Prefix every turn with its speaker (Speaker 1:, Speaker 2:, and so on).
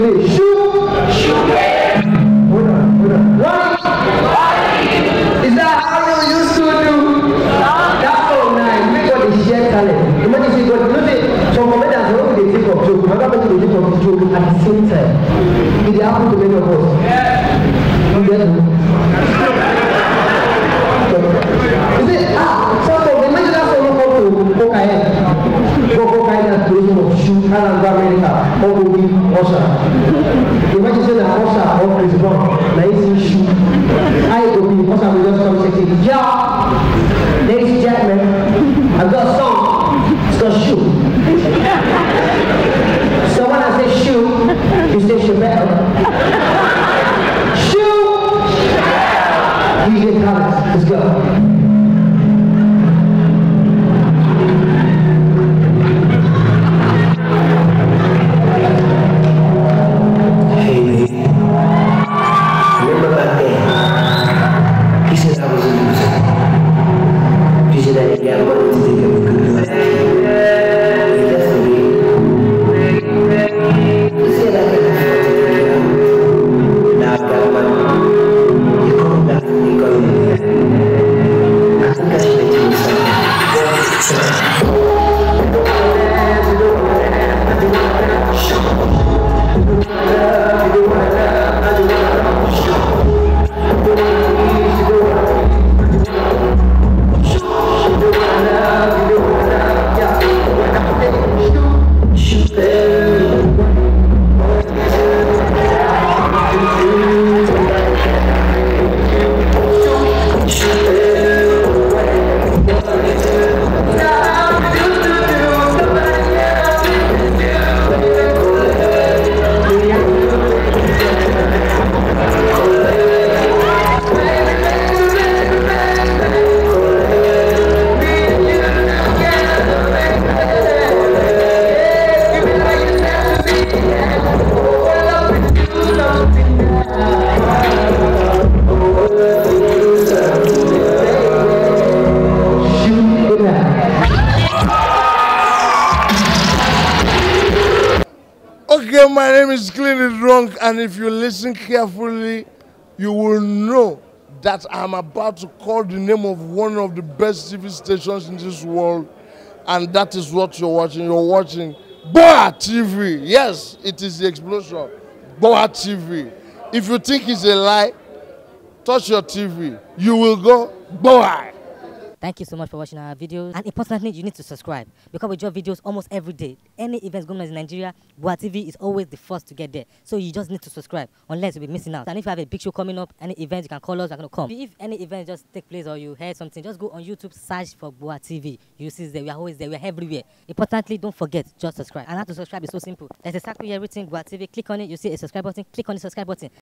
Speaker 1: lè ṣú. Hold on, hold on.
Speaker 2: What? Is that how you used to do? That all night, make God dey share talent. Imagine say God, you know say some of us don dey take up joke, my papa dey think of joke at the same time. E dey happen to many of us. You get me? a Imagínese la cosa o oh, this again, my name is clearly wrong, and if you listen carefully, you will know that I'm about to call the name of one of the best TV stations in this world, and that is what you're watching. You're watching Boa TV. Yes, it is the explosion. Boa TV. If you think it's a lie, touch your TV. You will
Speaker 1: go Boa. Thank you so much for watching our videos. And importantly, you need to subscribe because we drop videos almost every day. Any events going on in Nigeria, Gua TV is always the first to get there. So you just need to subscribe unless you'll be missing out. And if you have a big show coming up, any events, you can call us, we're going to come. If any event just take place or you heard something, just go on YouTube, search for Gua TV. You see there, we are always there, we are everywhere. Importantly, don't forget, just subscribe. And how to subscribe is so simple. There's exactly everything here TV. Click on it, you see a subscribe button, click on the subscribe button.